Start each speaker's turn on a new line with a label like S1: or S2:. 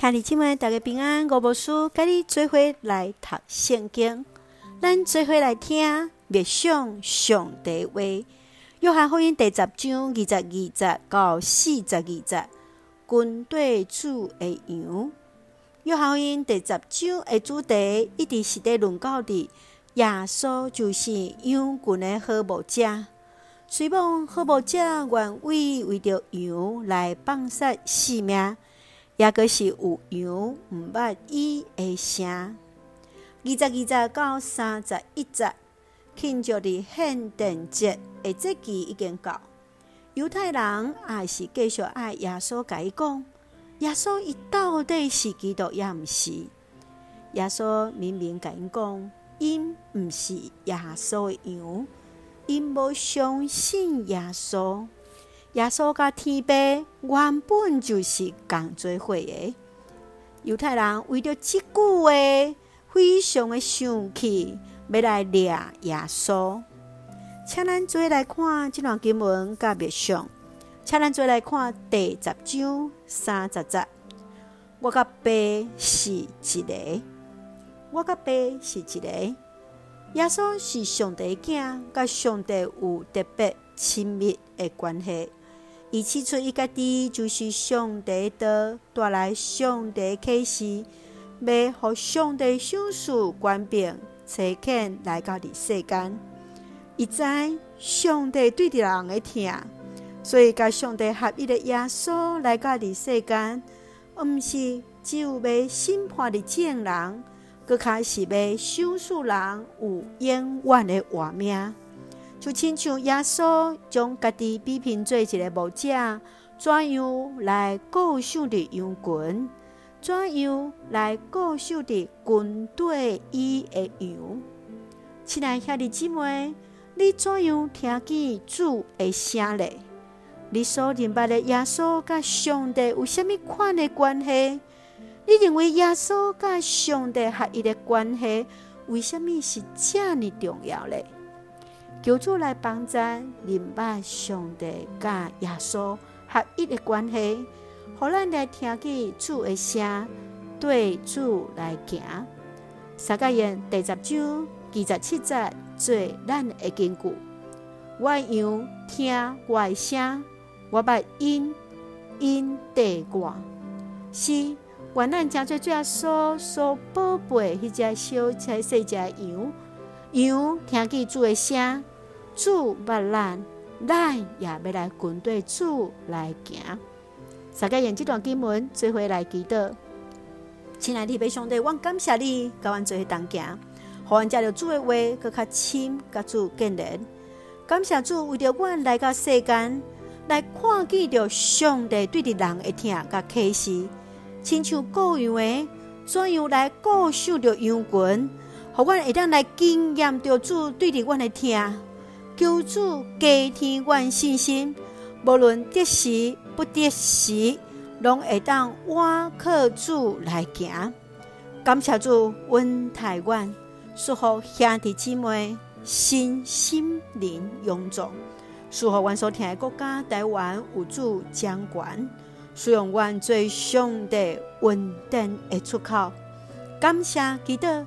S1: 兄弟姐妹，大家平安！吳牧師帶你做伙來讀聖經，咱做伙來聽默想上帝話。約翰福音第十章二十二節到四十二節，跟隨主的羊。約翰福音第十章的主題，一直是在論到耶穌就是羊群的好牧者，雖望好牧者，願為為着羊來放棄性命。也閣是有羊毋捌伊的聲，二十二節到三十一節慶祝佇獻殿節，的節期已經到猶太人也是繼續愛耶穌甲伊講，耶穌伊到底是基督也毋是？耶穌明明甲因講，因毋是耶穌的羊，因無相信耶穌。耶穌甲天父原本就是共做伙嘅，猶太人為著即句話，非常嘅生氣，要來掠耶穌。請咱做來看即段經文甲別上，請咱做來看第十章三十節。我甲父是一個，我甲父是一個。耶穌是上帝的囝，甲上帝有特別親密的關係，伊指出伊家己就是上帝的道，帶來，上帝啟示要互上帝賞賜，權柄差派來到的世間。伊知上帝對的人的疼，所以甲上帝合一的耶穌來到的世間，毋是只有欲審判的眾人，閣較是欲賞賜人有永遠的活命。就親像耶穌將家己比拼做一個牧者，怎樣來構想的羊群？怎樣來構想的軍隊？伊的羊？親愛兄弟姊妹，你怎樣聽見主的聲音？你所明白的耶穌甲上帝有啥物款的關係？你認為耶穌甲上帝合一的關係，為啥物是遮爾重要呢？求主來幫助，明白上帝甲耶穌合一的關係，互咱來聽見主的聲，對主來行。三該宴第十章二十七節，做咱的金句。我羊聽外聲，我捌因因地掛。四，願咱正在做阿蘇蘇寶貝，迄只小菜，細只羊。羊聽見主的聲，主捌咱，咱也要來跟對主來行。大家用這段經文做伙來祈禱。親愛的天父上帝，我感謝你甲阮，做伙同行，互阮接到主的話閣較深甲主連結。感謝主為我們，為着阮來到世間，來看見着上帝對的人、人的疼甲啟示，親像羔羊，怎樣來顧守着羊群。我阮會當來經驗，求主，對的，阮來聽，求主加添阮信心。無論得時不得時，攏會當倚靠主來行。感謝主台灣，恩待阮，祝福兄弟姊妹身心靈勇壯，祝福阮所聽誒國家台灣有主掌權，使用阮最兄誒恩典誒出口。感謝基督。祈禱